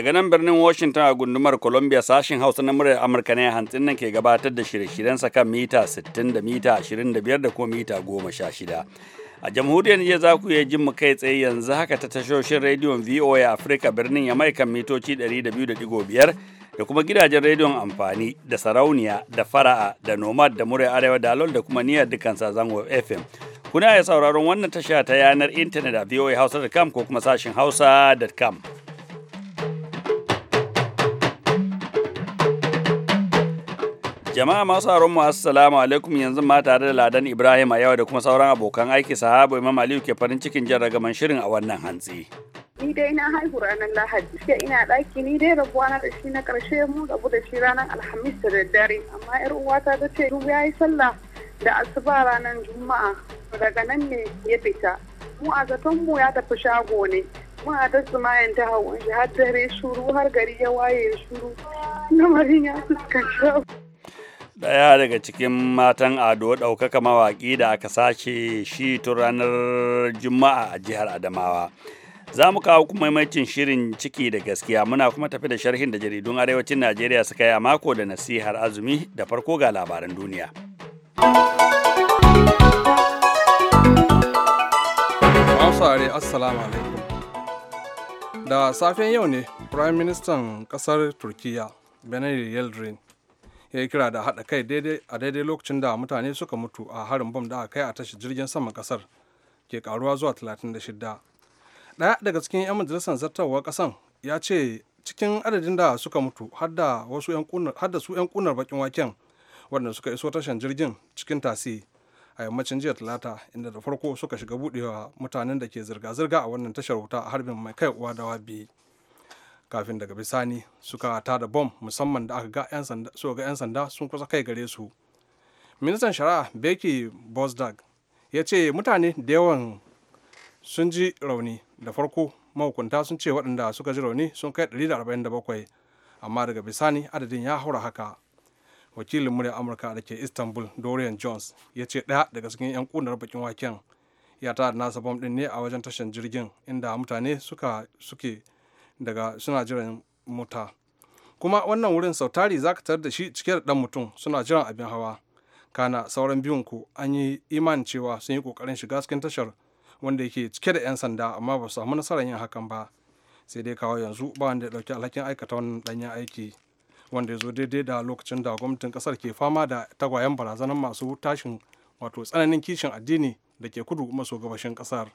Daga nan birnin Washington a gundumar Columbia sashen Hausa na muryar Amurka ne hantsin nan ke gabatar da shirye sa kan mita 60 da mita 25 da kuma mita 16. A jamhuriyar Nijar za ku iya jin mu kai tsaye yanzu haka ta tashoshin rediyon VOA afirka birnin ya mai kan mitoci 200.5 da kuma gidajen rediyon amfani da sarauniya da fara'a da nomad da murai arewa da alol da kuma niyyar dukkan zango FM. Kuna iya sauraron wannan tasha ta yanar intanet a voahausa.com ko kuma sashin hausa.com. Jama'a masu haron mu assalamu alaikum yanzu ma tare da Ladan Ibrahim a yau da kuma sauran abokan aiki sahabo Imam Aliyu ke farin cikin jan ragaman shirin a wannan hantsi. Ni dai na haihu ranar Lahadi, sai ina daki ni dai rabuwa na da shi na ƙarshe mu rabu da shi ranar Alhamis da daddare, amma 'yar uwata ta ce ya yi sallah da asuba ranar Juma'a daga nan ne ya fita. Mu a zaton mu ya tafi shago ne, ma da zumayen ta hawan shi har dare shuru har gari ya waye shuru. Lamarin ya fuskanci Daya daga cikin matan ado ɗaukaka mawaƙi da aka sace shi tun ranar Juma'a a jihar Adamawa. Za mu kawo kuma maimacin shirin ciki da gaskiya muna kuma tafi da sharhin da jaridun arewacin Najeriya suka yi a mako da nasihar azumi da farko ga labaran duniya. Da safen yau ne Prime Ministan kasar Turkiyya Benayi yeldrin ya yi kira da haɗa kai a daidai lokacin da mutane suka mutu a harin bom da aka kai a tashar jirgin saman ƙasar ke karuwa zuwa 36 ɗaya daga cikin 'yan majalisar zartarwar kasan ya ce cikin adadin da suka mutu har su 'yan kunar bakin waken waɗanda suka iso tashar jirgin cikin tasi a yammacin jiya talata inda da farko suka shiga buɗewa mutanen da ke zirga-zirga a wannan tashar wuta a harbin mai kai uwa da wabi. kafin daga bisani suka ta da bom musamman da aka ga 'yan sanda sun kusa kai gare su ministan shari'a beki bosdag ya ce mutane da yawan sun ji rauni da farko mahukunta sun ce waɗanda suka ji rauni sun kai 147 amma daga bisani adadin ya haura haka wakilin murya amurka da ke istanbul dorian jones ya ce ɗaya daga cikin 'yan ƙunar bakin waken ya da nasa bom ɗin ne a wajen tashar jirgin inda mutane suka suke daga suna jiran mota kuma wannan wurin sautari za ka tar da shi cike da dan mutum suna jiran abin hawa kana sauran biyun ku an yi imanin cewa sun yi kokarin shiga cikin tashar wanda yake cike da 'yan sanda amma ba su samu nasarar yin hakan ba sai dai kawo yanzu ba wanda ya ɗauki alhakin aikata wannan ɗanyen aiki wanda ya zo daidai da lokacin da gwamnatin kasar ke fama da tagwayen barazanar masu tashin wato tsananin kishin addini da ke kudu maso gabashin kasar.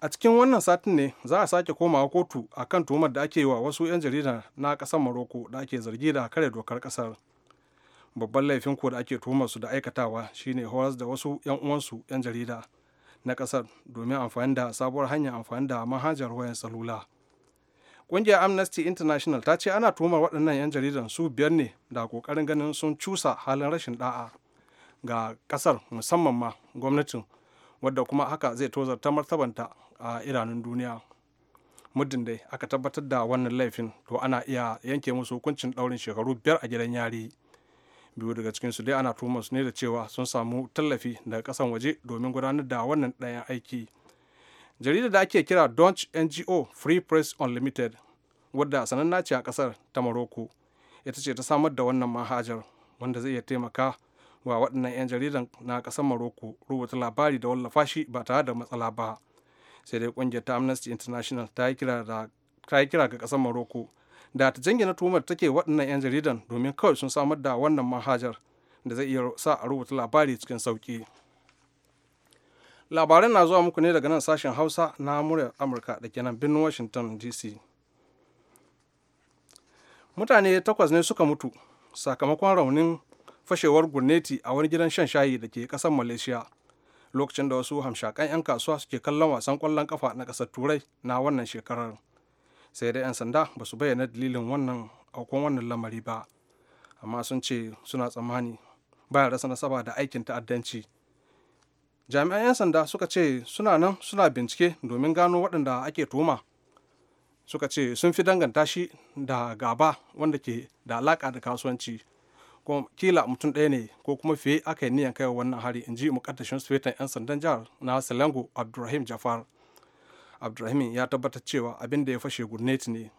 a cikin wannan satin ne za a sake komawa kotu a kan tuhumar da ake yi wa wasu 'yan jarida na kasar maroko da ake zargi da kare dokar ƙasar babban laifin ko da ake tuhumar su da aikatawa shine horas da wasu 'yan uwansu 'yan jarida na ƙasar domin amfani da sabuwar hanyar amfani da manhajar wayan salula ƙungiyar amnesty international ta ce ana tuhumar waɗannan 'yan jaridan su biyar ne da kokarin ganin sun cusa halin rashin da'a ga ƙasar musamman ma gwamnatin wadda kuma haka zai tozarta martabanta a idanun duniya muddin dai aka tabbatar da wannan laifin to ana iya yanke musu hukuncin daurin shekaru biyar a gidan yari biyu daga cikin su dai ana tuhumar su ne da cewa sun samu tallafi daga kasan waje domin gudanar da wannan ɗayan aiki jarida da ake kira Dutch ngo free press unlimited wadda sananna ce a kasar ta maroko ita ce ta samar da wannan manhajar wanda zai iya taimaka wa waɗannan 'yan jaridan na ƙasar Morocco rubuta labari da wallafa shi ba tare da matsala ba. Sai dai ƙungiyar ta Amnesty International ta yi kira ga ƙasar Morocco da ta jingina tuhumar take waɗannan 'yan jaridan domin kawai sun samar da wannan manhajar da zai iya sa a rubuta labari cikin sauƙi. Labaran na zuwa muku ne daga nan sashen Hausa na muryar Amurka da ke nan birnin Washington DC. Mutane takwas ne suka mutu sakamakon raunin fashewar gurneti a wani gidan shan shayi da ke kasar malaysia lokacin da wasu hamshakan 'yan kasuwa suke kallon wasan kwallon kafa na kasar turai na wannan shekarar sai dai 'yan sanda ba su bayyana dalilin wannan aukon wannan lamari ba amma sun ce suna tsammani baya rasa nasaba da aikin ta'addanci jami'an 'yan sanda suka ce suna nan suna bincike domin gano waɗanda ake tuma suka ce sun fi danganta shi da gaba wanda ke da alaƙa da kasuwanci kuma kila mutum ɗaya ne ko kuma fiye aka yi niyan kaiwa wannan hari in ji mukaddashin sufetan 'yan sandan jihar na salango abdulrahim jafar abdulrahim ya tabbatar cewa abin da ya fashe gurneti ne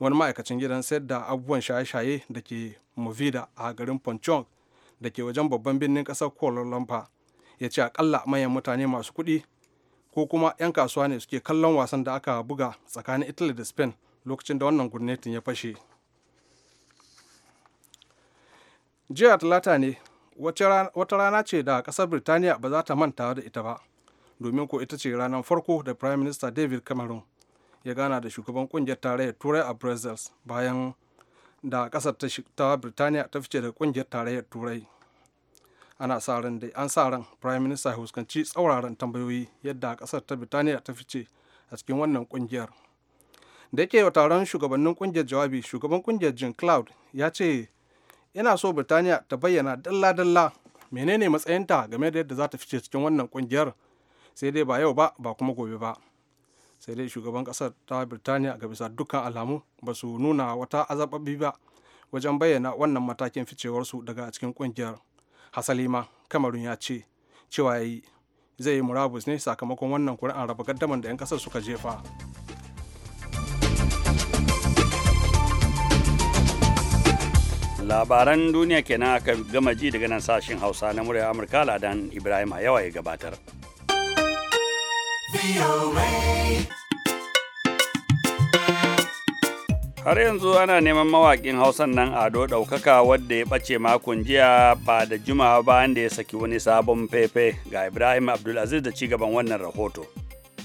wani ma'aikacin gidan sayar da abubuwan shaye-shaye da ke movida a garin ponchong da ke wajen babban birnin ƙasar kuala lumpur ya ce akalla manyan mutane masu kuɗi ko kuma 'yan kasuwa ne suke kallon wasan da aka buga tsakanin italy da spain lokacin da wannan gurnetin ya fashe jiya talata ne wata rana ce da kasar birtaniya ba za ta manta da ita ba domin ko ita ce ranar farko da prime minister david cameron ya gana da shugaban kungiyar tarayyar turai a brussels bayan da kasar ta birtaniya ta fice da kungiyar tarayyar turai ana sa ran da an sa ran prime minister ya huskanci tsauraran tambayoyi yadda kasar ta birtaniya ta fice a cikin wannan kungiyar da yake wa taron shugabannin kungiyar jawabi shugaban kungiyar jim cloud ya ce yana so Birtaniya ta bayyana dalla-dalla menene matsayinta game da yadda za ta fice cikin wannan kungiyar sai dai ba yau ba ba kuma gobe ba. Sai dai shugaban kasar ta Birtaniya ga bisa dukkan alamu ba su nuna wata azababbi ba wajen bayyana wannan matakin ficewarsu daga cikin kungiyar. Hasali ma Kamarun ya ce cewa ya yi zai yi murabus ne sakamakon wannan kuri'an raba gaddaman da 'yan kasar suka jefa. labaran duniya kenan aka gama ji daga nan sashen hausa na murya amurka ladan ibrahim a yawa ya gabatar har yanzu ana neman mawaƙin hausan nan ado ɗaukaka wadda ya ɓace makon jiya ba da jimawa ba da ya saki wani sabon fefe ga ibrahim abdulaziz da cigaban wannan rahoto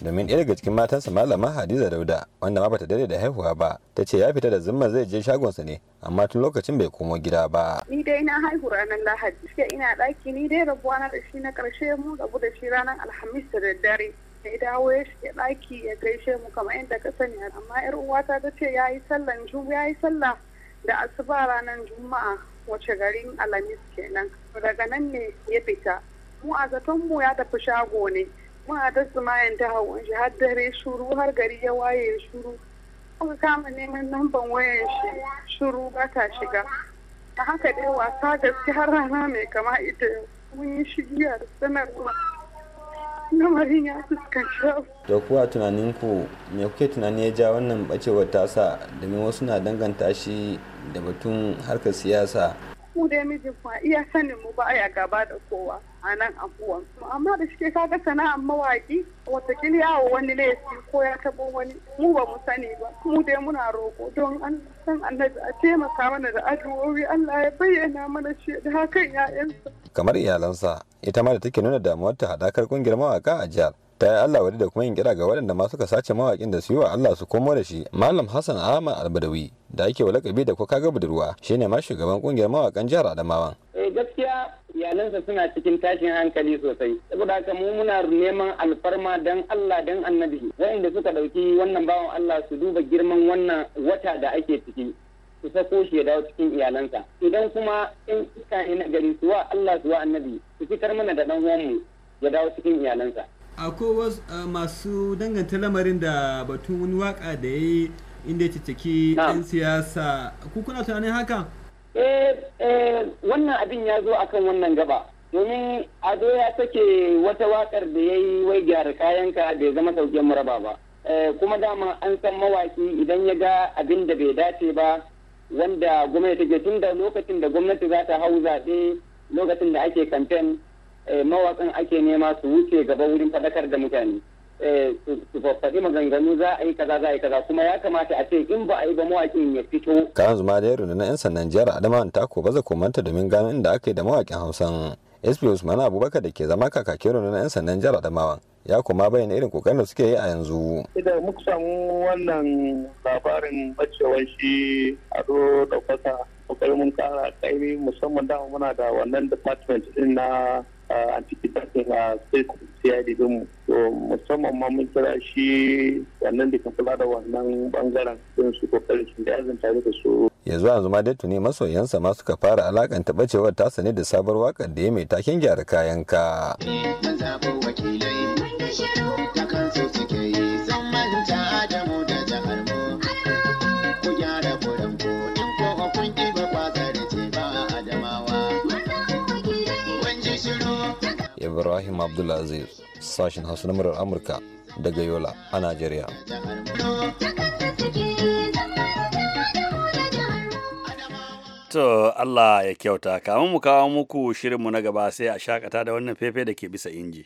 domin ɗaya daga cikin matansa malama hadiza dauda wanda ma bata dare da haihuwa ba ta ce ya fita da zimma zai je shagonsa ne amma tun lokacin bai komo gida ba ni dai na haihu ranar lahadi sai ina ɗaki ni dai rabuwa na da shi na ƙarshe mu rabu da shi ranar alhamis da daddare ya dawo ya shiga ɗaki ya gaishe mu kamar yadda ka sani amma yar uwata ta ce ya yi sallan ya sallah da asuba ranar juma'a wace garin alhamis kenan daga nan ne ya fita mu a zaton mu ya tafi shago ne muna ta sumayan ta hawan shi har dare shuru har gari ya waye shuru kuma kama neman lamban wayan shi shuru ba ta shiga a haka dai wasa gaske har rana mai kama ita mun yi shigiya da sanarwa lamarin ya fuskanci to kuwa tunanin ku me kuke tunani ya ja wannan bacewar tasa domin wasu na danganta shi da batun harkar siyasa mu dai mijin fa iya sanin mu ba a gaba da kowa a nan abuwan amma da shike kaga sana'ar mawaƙi watakila yawo wani laifi ko ya taɓo wani mu ba mu sani ba mu dai muna roƙo don an san annabi a taimaka mana da addu'o'i Allah ya bayyana mana shi da hakan ya'yansa kamar iyalansa ita ma da take nuna damuwar ta hadakar kungiyar mawaka a jihar ta yi Allah wadda da kuma yin kira ga waɗanda ma suka sace mawaƙin da su yi wa Allah su komo da shi Malam Hassan Ahmad Albadawi da ake wa lakabi da kuka ga budurwa shi ne ma shugaban kungiyar mawakan jihar adamawa eh, gaskiya iyalansa suna cikin tashin hankali sosai saboda haka mu muna neman alfarma dan Allah dan annabi waɗanda suka dauki wannan bawan Allah su duba girman wannan wata da ake ciki su sako shi ya dawo cikin iyalansa idan kuma in iska ina na gari suwa Allah suwa annabi su fitar mana da dan uwanmu ya dawo cikin iyalansa akwai wasu masu danganta lamarin da batun wani waka da ya yi inda ya ciki 'yan siyasa ku kuna tunanin haka Eh, eh wannan abin ya zo akan wannan gaba domin ado ya sake wata wakar da ya yi wai gyara kayan kayanka ya zama sauƙin muraba ba eh, kuma dama an san mawaki idan ya ga abin da bai dace ba wanda gwamnati take tun da lokacin da gwamnati za ta hau zaɓe lokacin da ake kamfen eh, mawakan ake nema su wuce gaba wurin faɗakar da mutane tsofaffi maganganu za a yi kaza za a yi kaza kuma ya kamata a ce in ba a yi ba mawakin ya fito. kan zuma da yaro na 'yan sandan jihar adama ta ko baza komanta domin gano inda aka yi da mawakin Hausan. SP Usman Abubakar da ke zama kakakin na 'yan sandan jihar Adamawa ya kuma bayyana irin kokarin da suke yi a yanzu. Idan muka samu wannan labarin bacewar shi a da ɗaukaka kokarin mun kara kaimi musamman dama muna da wannan department din na a cikin tafin a sai siya da to musamman ma mun kira shi wannan da kan kula da wannan bangaren sun su kokarin shi da yazan tare da su yanzu yanzu ma dai tuni masoyansa ma suka fara alakanta bacewar tasa ne da sabar wakar da ya mai taken gyara kayan ka. Mun wakilai, mun da shiru, ta suke yi. Ibrahim Abdulaziz, sashen Hausa na murar Amurka daga Yola a Najeriya. To Allah ya kyauta, kamun mu kawo muku shirinmu na gaba sai a shakata da wannan fefe da ke bisa inji.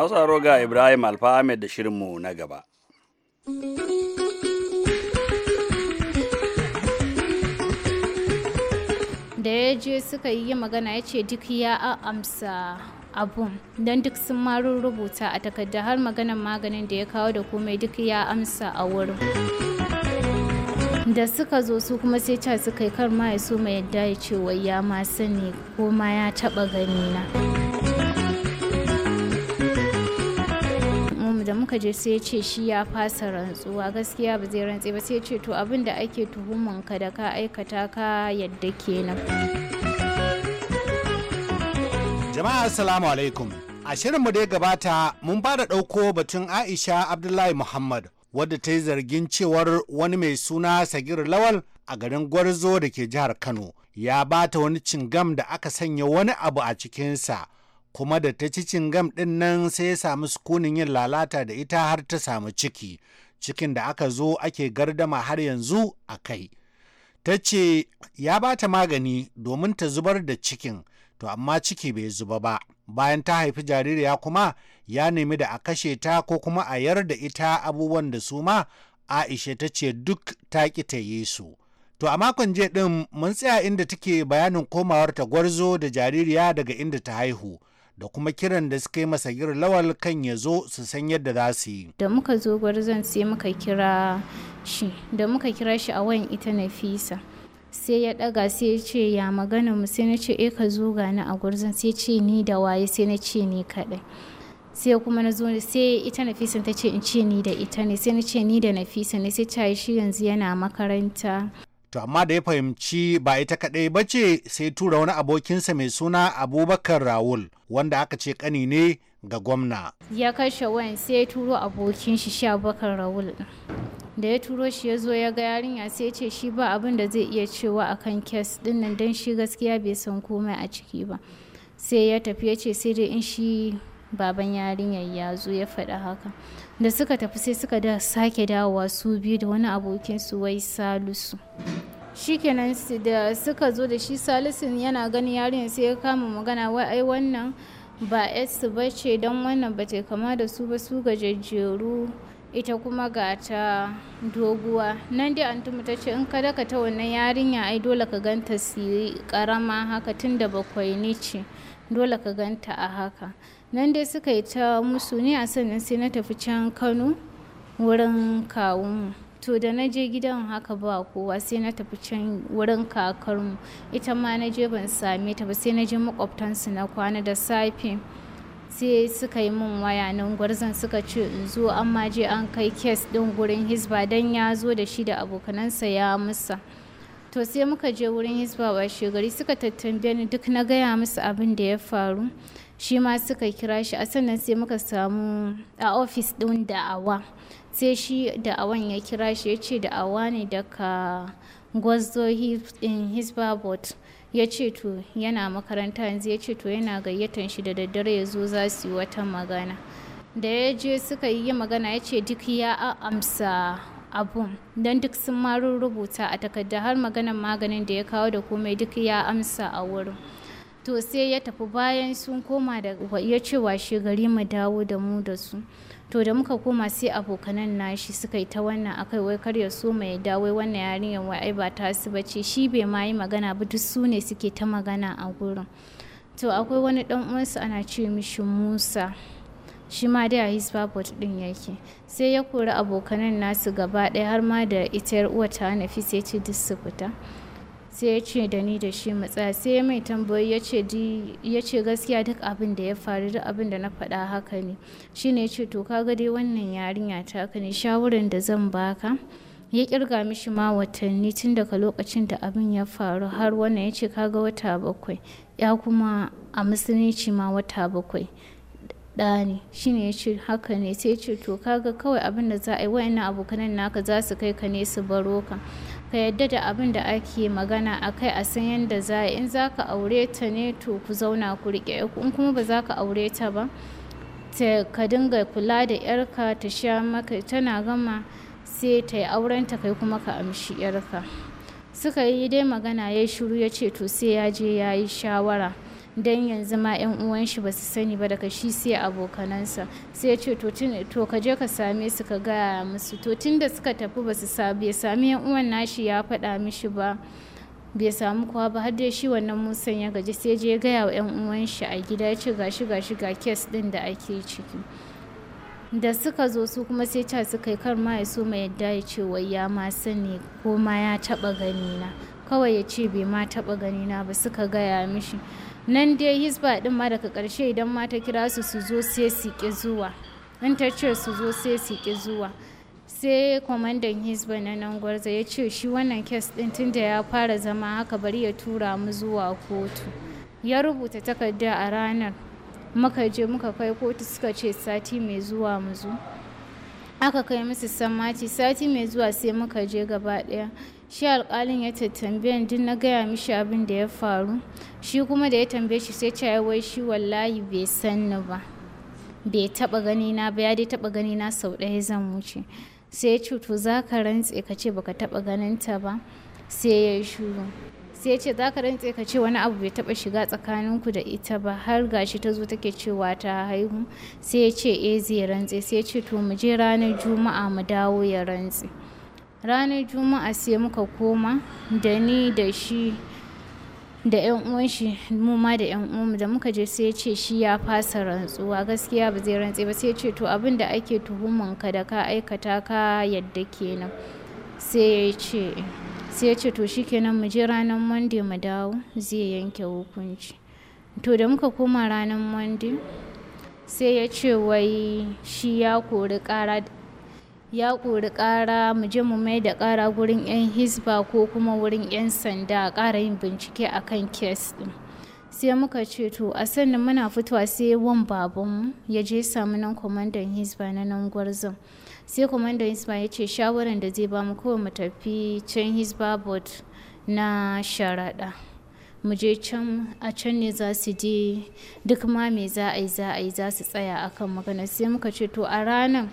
masu aro ga ibrahim alfa ahmed da shirinmu na gaba da ya je suka yi magana ya ce duk ya amsa abun don duk sun marun rubuta a takarda har maganan maganin da ya kawo da komai duk ya amsa a wurin da suka zo su kuma sai ca suka yi kar ma ya so mai yadda ya ce wai ya ma sani ko ma ya taba gani na. muka je sai ce shi ya fasa rantsuwa gaskiya ba zai rantse ba sai ce to abin da ake ka da ka aikata ka yadda kenan jama'a assalamu alaikum a mu da ya gabata mun ba da ɗauko batun aisha abdullahi muhammad wadda ta yi zargin cewar wani mai suna sagir lawal a garin gwarzo da ke jihar kano ya bata wani cingam da aka sanya wani abu a cikinsa kuma da ta ci gam ɗin nan sai ya samu sukunin yin lalata da ita har ta samu ciki cikin da aka zo ake gardama har yanzu a kai ta ce ya ba ta magani domin ta zubar da cikin to amma ciki bai zuba ba bayan ta haifi jaririya kuma ya nemi da a kashe ta ko kuma a yar da ita abubuwan da su ma aisha ta ce duk ta ki ta yi su To a makon jiya ɗin mun tsaya inda take bayanin komawar ta gwarzo da jaririya daga inda ta haihu da kuma kiran da suka yi masa lawal kan ya zo su san yadda za su yi. Da muka zo gwarzon sai muka kira shi, da muka kira shi a wayan ita Nafisa. Sai ya ɗaga sai ya ce ya magana mu sai na ce e ka zo gani a gwarzon sai ce ni da waye sai na ce ni kaɗai. sai kuma na zo sai ita Nafisa ta ce in ce ni da ita ne sai na ce ni da Nafisa ne sai ta shi yanzu yana makaranta. to amma da ya fahimci ba ita kaɗai ba ce sai tura wani abokinsa mai suna abubakar rawul wanda aka ce ƙani ne ga gwamna ya kashe wayan sai ya turo abokin shi shi abubakar rawul da ya turo shi ya zo ya ga yarinya sai ce shi ba abin da zai iya cewa akan kes din nan don shi gaskiya bai san komai a ciki ba sai ya tafi ya ce sai dai in shi baban yarinyar ya zo ya faɗa haka da suka tafi sai suka da sake dawowa su biyu da wani abokin su wai salisu shikenan da suka zo da shi salisu yana ganin yarinyar sai ya kama magana wai ai wannan ba su ba ce don wannan ba kama da su ba su gajejjeru ita kuma ga ta doguwa nan dai antumu ta ce in ka daka ta wannan yarinya ai dole ka ganta su karama haka tun da bakwai ne ce dole ka ganta a haka nan dai suka yi ta musu ne a sannan sai na tafi can kano wurin kawunmu to da na je gidan haka ba kowa sai na tafi can wurin kakarmu ita ma na je ban same ta ba sai na je makwabtansu na kwana da safe sai suka yi min waya nan gwarzon suka ce in zo an ma je an kai kes din gurin hisba don ya zo da shi da abokanansa ya musa to sai muka je wurin hisba washe gari suka tattambe ni duk na gaya musu abin da ya faru shi ma suka kira shi a sannan sai muka samu a ofis ɗin da'awa sai shi da'awan ya kira shi ya ce da'awa ne daga gwazo hisba ya ce to yana makaranta yanzu ya ce to yana gayyatan shi da daddare ya zo za su yi wata magana da ya je suka yi magana ya ce duk ya amsa abu don duk sun marun rubuta a takarda har maganan maganin da ya kawo da komai duk ya amsa a wurin to sai ya tafi bayan sun koma da ya ce washe gari mu dawo da mu da su to da muka koma sai abokanan nashi suka yi ta wannan akai wai kar ya so mai dawo wannan yarinyar wai ai ba ta su bace shi bai ma yi magana ba duk su ne suke ta magana a gurin to akwai wani dan uwansu ana ce mishi Musa shi ma dai a his passport din yake sai ya kori abokanan nasu gaba ɗaya har ma da ita yar uwa ta nafi sai ce duk su fita sai ya ce da ni da shi matsa sai ya mai tambayi ya ce gaskiya duk abin da ya faru duk abin da na faɗa haka ne shi ne ya ce to kaga dai wannan yarinya ta ka ne shawarar da zan baka ya kirga mishi ma watanni tun daga lokacin da abin ya faru har wannan ya ce kaga wata bakwai ya kuma a musulunci ma wata bakwai da ne ya ce haka ne sai ya ce to kaga kawai abin da za a yi wa'annan abokanan naka za su kai ka ne su baro ka ka yadda da abin da ake magana a kai a san yadda za a in za ka aure ta ne to ku zauna ku riƙe in kuma ba za ka aure ta ba ka dinga kula da yarka ta sha maka tana gama sai ta yi aurenta kai kuma ka amshi yarka suka yi dai magana ya shiru ya ce to sai ya je ya yi shawara dan yanzu ma yan uwan shi ba su sani ba daga shi sai abokanansa sai ya ce to ka je ka same su ka gaya musu to tun da suka tafi ba su bai sami yan uwan nashi ya faɗa mishi ba bai samu kowa ba har dai shi wannan musan ya gaji sai je gaya wa 'yan uwan shi a gida ya ce gashi gashi ga kes din da ake ciki da suka zo su kuma sai ta suka yi kar ma ya so mai yadda ya ce wai ya ma sani ko ma ya taba ganina kawai ya ce bai ma taba gani na ba suka gaya mishi nan dai hisba din ma daga ƙarshe idan mata kira su su zo sai su zuwa in ta ce su zo sai su zuwa sai kwamandan hisba na nan gwarza ya ce shi wannan kes din tunda ya fara zama haka bari ya tura mu zuwa kotu ya rubuta takarda a ranar muka je muka kai kotu suka ce sati mai zuwa mu zo aka kai musu sammaci sati mai zuwa sai muka je gaba ɗaya shi alƙalin ya tattambe duk na gaya mishi abin da ya faru shi kuma da ya tambaye shi sai ce wai shi wallahi bai san ni ba bai taɓa gani na ba ya dai taɓa gani na sau ɗaya zan wuce sai ce to za ka rantse ka ce baka taɓa ganin ta ba sai ya yi shuru sai ce za ka rantse ka ce wani abu bai taɓa shiga tsakanin ku da ita ba har gashi ta zo take cewa ta haihu sai ya ce eh zai rantse sai ya ce to mu je ranar juma'a mu dawo ya rantse ranar juma'a sai muka koma da ni da shi da yan uwan shi mu ma da yan uwan da muka je sai ya ce shi ya fasa rantsuwa gaskiya ba zai rantse ba sai ya ce to abin da ake tuhuman ka da ka aikata ka yadda kenan sai ya ce sai ya ce to shikenan mu je ranar monday mu dawo zai yanke hukunci to da muka koma ranar monday sai ya ce wai shi ya kori kara ya kori kara mu je mu mai da kara gurin 'yan hisba ko kuma wurin 'yan sanda a ƙara yin bincike a kan kes ɗin sai muka ce to a sannan muna fitowa sai wan babanmu ya je samu nan kwamandan hisba na nan gwarzon sai kwamandan hisba ya ce shawaran da zai ba mu kawai mu tafi can hisba board na sharaɗa mu je can a can ne za su je duk ma me za a yi za a yi za su tsaya akan magana sai muka ce to a ranar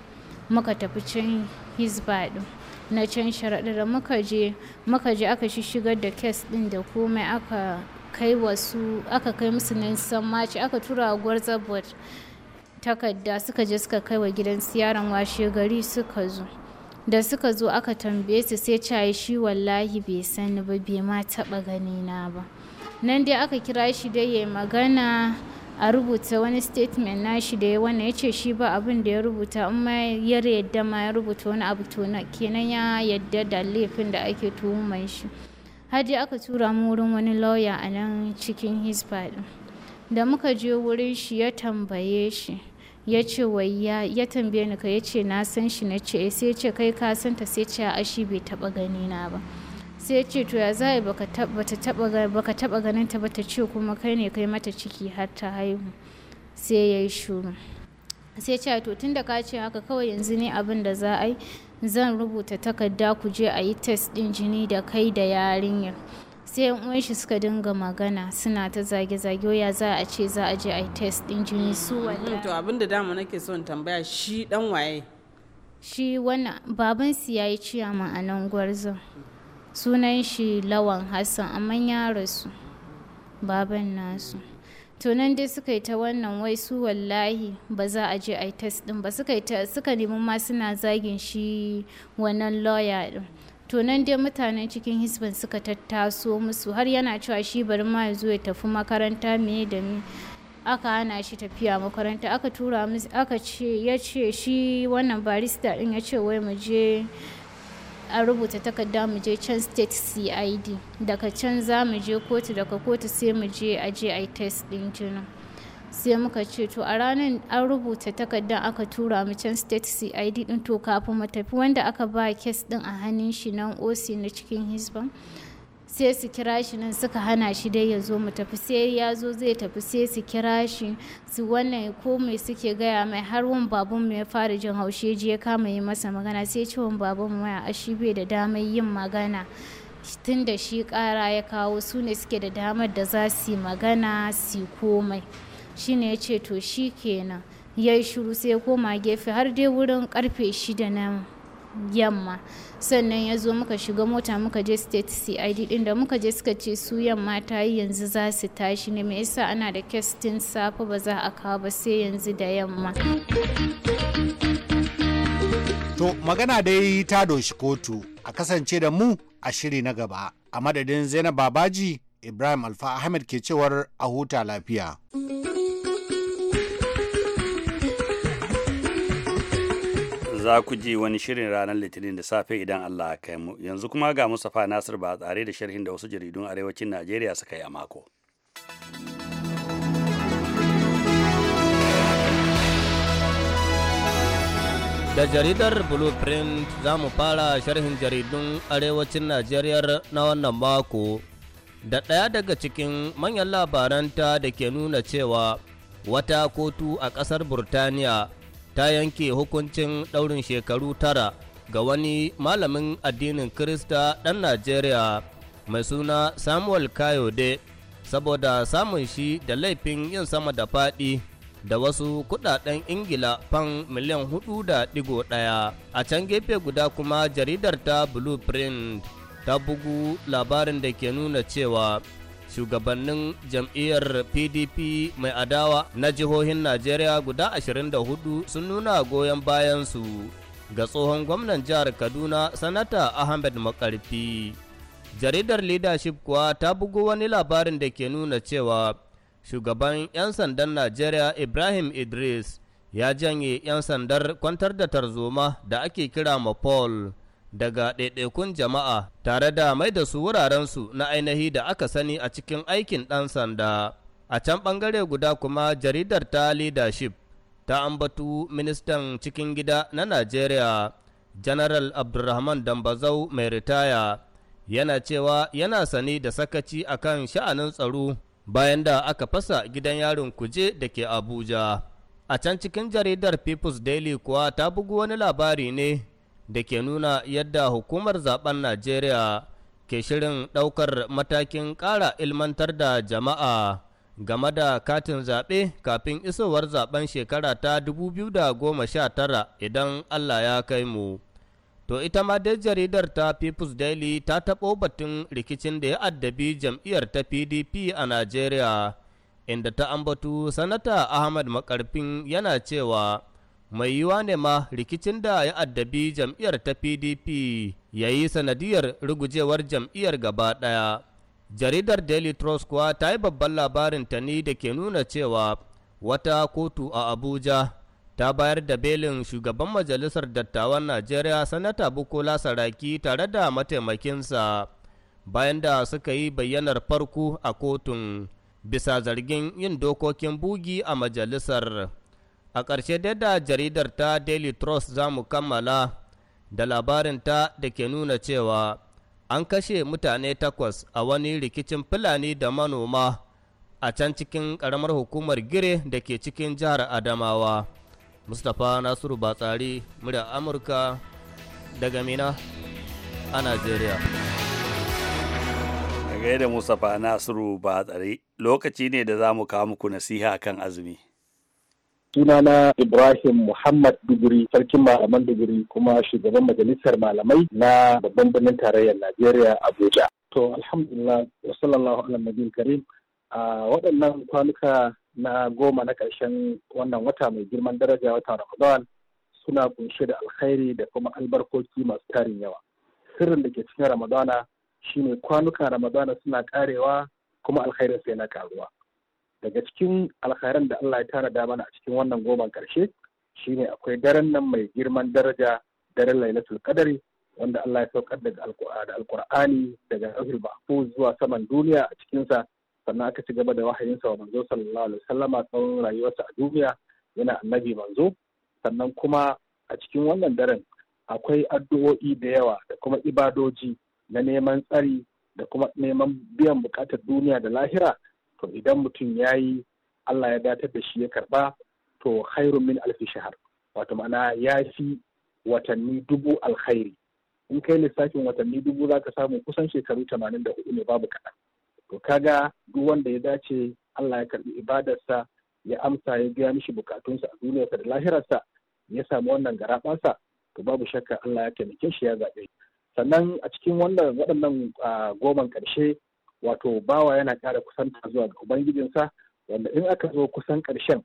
muka tafi can hisba ɗin na can sharaɗa da muka je muka je aka shigar da kes ɗin da komai aka kai wasu aka kai musu nan maci aka tura wa gwarzabot takarda suka je suka kai wa gidan siyaran washe gari suka zo da suka zo aka tambaye su sai caye shi wallahi bai sani ba bai ma taɓa ganina ba nan dai aka kira shi dai ya magana a rubuta wani statement nashi da ya wannan ya ce shi ba abin da ya rubuta in ma ya yadda ma ya rubuta wani abu to kenan ya yadda da laifin da ake tuhuman shi haji aka tura mu wurin wani lauya a nan cikin hisba da muka je wurin shi ya tambaye shi ya ce ya tambaye ni ka ya ce na san shi na ce eh, sai ce kai ka santa sai ce a shi bai taba gani na ba sai ce to ya za baka taba ganin ta ba ta ce kuma kai ne kai mata ciki har ta haihu sai ya yi shuru sai ce to tun da ka ce haka kawai yanzu ne abin da za a yi zan rubuta takarda ku je a yi test din jini da kai da yarinyar sai 'yan uwan shi suka dinga magana suna ta zage-zage ya za a ce za a je a yi test din jini su mm-hmm. wani. to abin da dama nake son tambaya shi dan waye shi wannan baban su yayi ciya a nan gwarzon sunan shi lawan hassan amma ya rasu baban nasu tunan dai suka yi ta wannan wai su wallahi ba za a je a yi test din ba suka yi ta suka nemi ma suna zagin shi wannan lawyer din tunan dai mutanen cikin hisban suka tattaso musu har yana cewa shi bari ma ya zo ya tafi makaranta me da me aka hana shi tafiya makaranta aka tura musu ya ce shi wannan barista din ya ce wai mu je a rubuta takarda mu je can state cid daga can za mu je kotu daga kotu sai mu je a je a test din jinin sai muka ce to a ranar an rubuta takarda aka tura mu can state cid din to kafin mu tafi wanda aka ba kes din a hannun shi nan oc na cikin hisban sai su kira shi nan suka hana shi dai ya zo mu tafi sai ya zo zai tafi sai su kira shi su wannan ko mai suke gaya mai har wani babun mai ya fara jin haushe je ya kama yi masa magana sai ciwon babun mai a shi bai da damar yin magana tun da shi kara ya kawo su ne suke da damar da za su yi magana su komai shi ne ya ce to shi kenan ya yi shiru sai ya koma gefe har dai wurin karfe shida na yamma sannan ya zo muka shiga mota muka je state cid din da muka je suka ce su yamma ta yi yanzu za su tashi ne mai yasa ana da kestin safe ba za a kawo ba sai yanzu da yamma to magana da ya yi ta doshi kotu a kasance da mu a shiri na gaba a madadin zainab babaji ibrahim alfa ahmed ke cewar a huta lafiya. za ku ji wani shirin ranar litinin da safe idan Allah ya kai mu yanzu kuma ga Mustapha Nasir ba tsare da sharhin da wasu jaridun arewacin Najeriya suka yi a mako. Da jaridar Blueprint za mu fara sharhin jaridun arewacin Najeriya na wannan mako da ɗaya daga cikin manyan labaranta da ke nuna cewa wata kotu a ƙasar Burtaniya ta yanke hukuncin ɗaurin shekaru tara ga wani malamin addinin Kirista ɗan Najeriya mai suna Samuel Kayode saboda samun shi da laifin yin sama da faɗi da wasu kudaden Ingila fan miliyan hudu da digo ɗaya. A can gefe guda kuma jaridar ta Blueprint ta bugu labarin da ke nuna cewa shugabannin jam'iyyar pdp mai adawa na jihohin najeriya guda 24 sun nuna goyon bayansu ga tsohon gwamnan jihar kaduna sanata ahmed makarfi jaridar leadership kuwa ta bugo wani labarin da ke nuna cewa shugaban 'yan sandan najeriya ibrahim idris ya janye 'yan sandar kwantar da tarzoma da ake kira ma Paul. daga ɗaiɗaikun jama'a tare da mai da su wurarensu na ainihi da aka sani a cikin aikin ɗan sanda. A can ɓangare guda kuma jaridar ta leadership ta ambatu ministan cikin gida na Najeriya, General Abdulrahman Dambazau mai ritaya, yana cewa yana sani da sakaci akan sha'anin tsaro bayan da aka fasa gidan yarin kuje da ke Abuja. A can cikin jaridar People's Daily kuwa ta bugu wani labari ne da ke nuna yadda hukumar zaben Najeriya ke shirin ɗaukar matakin ƙara ilmantar da jama'a game da katin zaɓe kafin isowar zaben shekara ta 2019 idan Allah ya kai mu. To ita ma dai jaridar ta People's Daily ta taɓo batun rikicin da ya addabi jam'iyyar ta PDP a Najeriya, inda ta ambatu Sanata Ahmad Makarfin yana cewa mai yiwa ne ma rikicin da ya addabi jam'iyyar ta pdp ya yi sanadiyar rugujewar jam'iyyar gaba ɗaya jaridar daily trust kuwa ta yi babban labarin ta ni da ke nuna cewa wata kotu a abuja ta bayar da belin shugaban majalisar dattawan najeriya sanata bukola saraki tare da mataimakinsa bayan da suka yi bayyanar farko a kotun bisa zargin yin dokokin bugi a majalisar A ƙarshe dai da jaridar ta Daily Trust za mu kammala da labarinta da ke nuna cewa an kashe mutane takwas a wani rikicin Fulani da manoma a can cikin ƙaramar hukumar gire da ke cikin jihar Adamawa. Mustapha Nasiru Batsari, murya Amurka daga Mina a Najeriya. Daga da Mustapha Nasiru Batsari, lokaci ne da za mu kawo muku nasiha kan azumi. sunana Ibrahim Muhammad Duguri sarkin malaman Duguri kuma shugaban majalisar malamai na babban birnin tarayyar Najeriya Abuja. To alhamdulillah wa sallallahu ala wa karim a waɗannan kwanuka na goma na ƙarshen wannan wata mai girman daraja watan Ramadan suna kunshe da alkhairi da kuma albarkoki masu tarin yawa. Sirrin da ke cikin Ramadana shine kwanukan Ramadana suna karewa kuma alkhairin sai na karuwa. daga cikin alkhairan da Allah ya tara da mana a cikin wannan goman karshe shine akwai daren nan mai girman daraja daren lailatul wanda Allah ya saukar daga alkur'ani daga lauhul mahfuz zuwa saman duniya a cikinsa sannan aka ci gaba da wahayinsa wa manzo sallallahu alaihi wasallama tsawon rayuwarsa a duniya yana annabi manzo sannan kuma a cikin wannan daren akwai addu'o'i da yawa da kuma ibadoji na neman tsari da kuma neman biyan bukatar duniya da lahira to idan mutum ya yi Allah ya datar da shi ya karba to khairu min alfi shahar wato ma'ana ya fi watanni dubu alkhairi in kai lissafin watanni dubu za ka samu kusan shekaru tamanin da hudu ne babu kaɗan to kaga duk wanda ya dace Allah ya karbi ibadarsa ya amsa ya biya mishi bukatunsa a duniyarsa da lahirarsa ya samu wannan garaɓasa to babu shakka Allah ya taimake shi ya zaɓe sannan a cikin wannan waɗannan ah, goman ƙarshe wato bawa yana ƙara kusanta zuwa ga ubangijinsa wanda in aka zo kusan ƙarshen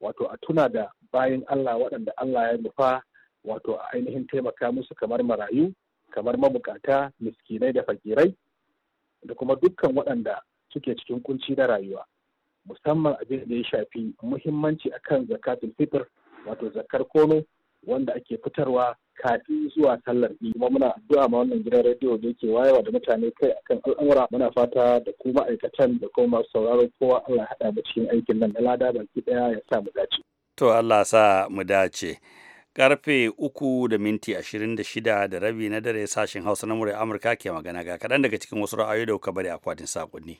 wato a tuna da bayan Allah waɗanda Allah ya nufa wato a ainihin taimaka musu kamar marayu kamar mabukata miskinai da fakirai da kuma dukkan waɗanda suke cikin kunci na rayuwa musamman abin da ya shafi muhimmanci akan zakatul fitr wato zakar komai wanda ake fitarwa kafin zuwa sallar biyu kuma muna addu'a ma wannan gidan rediyo da yake wayewa da mutane kai akan al'amura muna fata da ku ma'aikatan da kuma masu sauraron kowa Allah haɗa mu cikin aikin nan da lada baki ɗaya ya sa mu dace. To Allah sa mu dace. Karfe uku da minti ashirin da shida da rabi na dare sashen Hausa na Murai Amurka ke magana ga kaɗan daga cikin wasu ra'ayoyi da kuka bari akwatin saƙonni.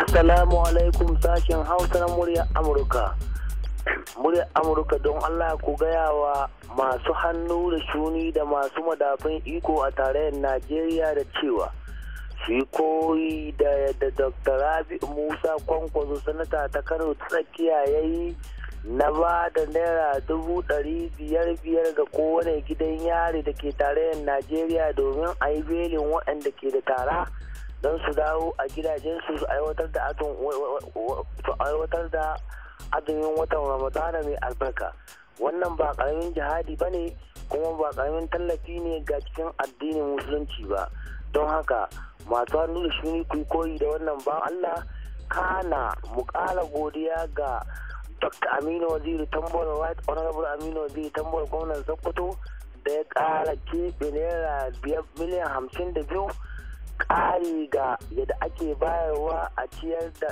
Assalamu alaikum sashen Hausa na muryar Amurka. Muryar Amurka don Allah ku gaya wa masu hannu da shuni da masu madafin iko a tarayyar Najeriya da cewa su yi koyi da yadda Dr. Rabi Musa Kwankwaso sanata ta Kano tsakiya ya yi na ba da naira dubu ɗari biyar biyar ga kowane gidan yari da ke tarayyar Najeriya domin a yi belin waɗanda ke da tara. don su dawo a gidajensu su aiwatar da aiwatar da azumin watan ramadana mai albarka wannan ba karamin jihadi ba ne kuma ba karamin tallafi ne ga cikin addinin musulunci ba don haka masu hannu da shuni ku koyi da wannan ba allah kana mu godiya ga dr aminu waziri tambar White honorable aminu waziri tambar gwamnan sokoto da ya kara keɓe naira miliyan hamsin da biyu ƙari ga yadda ake bayarwa a ciyar da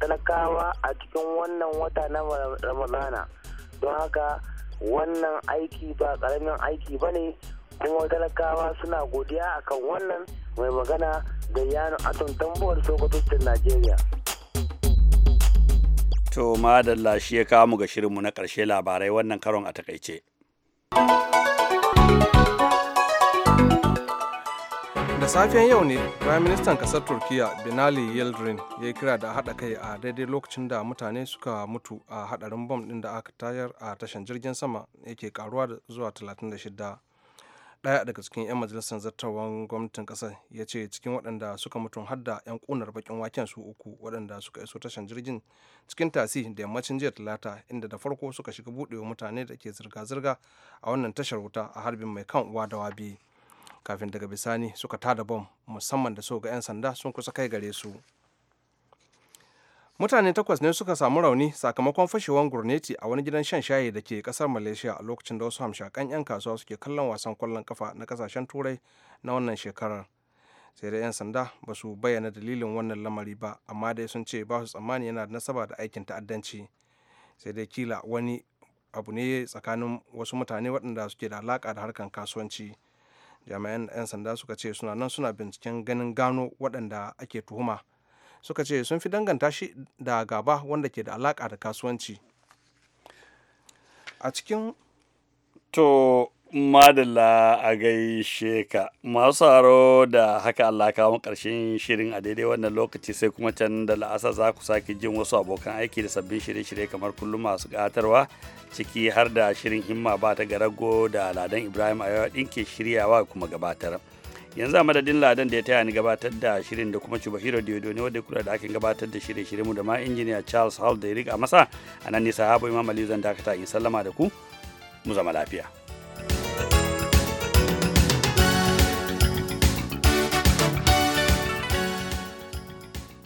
talakawa a cikin wannan wata na ramadana don haka wannan aiki ba ƙaramin aiki ba ne kuma talakawa suna godiya akan wannan mai magana da yano tambawar tambuwar sokotocin najeriya to madalla shi ya kawo mu ga shirinmu na ƙarshe labarai wannan karon a takaice. da safiyan yau ne prime minister kasar turkiya binali yildirim ya yi kira da haɗa kai a daidai lokacin da mutane suka mutu a haɗarin bom ɗin da aka tayar a tashan jirgin sama yake karuwa zuwa 36 ɗaya daga cikin 'yan majalisar zartawan gwamnatin ƙasar ya ce cikin waɗanda suka mutu hadda 'yan ƙunar bakin waken su uku waɗanda suka iso tashan jirgin cikin tasi da yammacin jiya talata inda da farko suka shiga buɗewa mutane da ke zirga-zirga a wannan tashar wuta a harbin mai kan uwa da biyu kafin daga bisani suka tada bom musamman da so ga 'yan sanda sun kusa kai gare su mutane takwas ne suka samu rauni sakamakon fashewan gurneti a wani gidan shan shayi da ke kasar malaysia a lokacin da wasu hamshakan 'yan kasuwa suke kallon wasan kwallon kafa na kasashen turai na wannan shekarar sai da 'yan sanda ba su bayyana dalilin wannan lamari ba amma dai sun ce ba su tsammani yana da nasaba da aikin ta'addanci sai dai kila wani abu ne tsakanin wasu mutane waɗanda suke da alaƙa da harkar kasuwanci jami'an 'yan sanda suka ce suna nan suna binciken ganin gano waɗanda ake tuhuma suka ce sun fi danganta shi da gaba wanda ke da alaƙa da kasuwanci a cikin to Madalla a gaishe ka. Masu haro da haka Allah kawo ƙarshen shirin a daidai wannan lokaci sai kuma can da la'asa za ku sake jin wasu abokan aiki da sabbin shirye-shirye kamar kullum masu gatarwa ciki har da shirin himma ba ta garago da Ladan Ibrahim a yau ɗinke shiryawa kuma gabatar. Yanzu a madadin Ladan da ya taya ni gabatar da shirin da kuma hero Diodo ne wadda kula da ake gabatar da shirye-shirye mu da ma injiniya Charles Hall da ya riga masa a nan ne sahabo Imam Aliyu zan dakata in sallama da ku mu zama lafiya.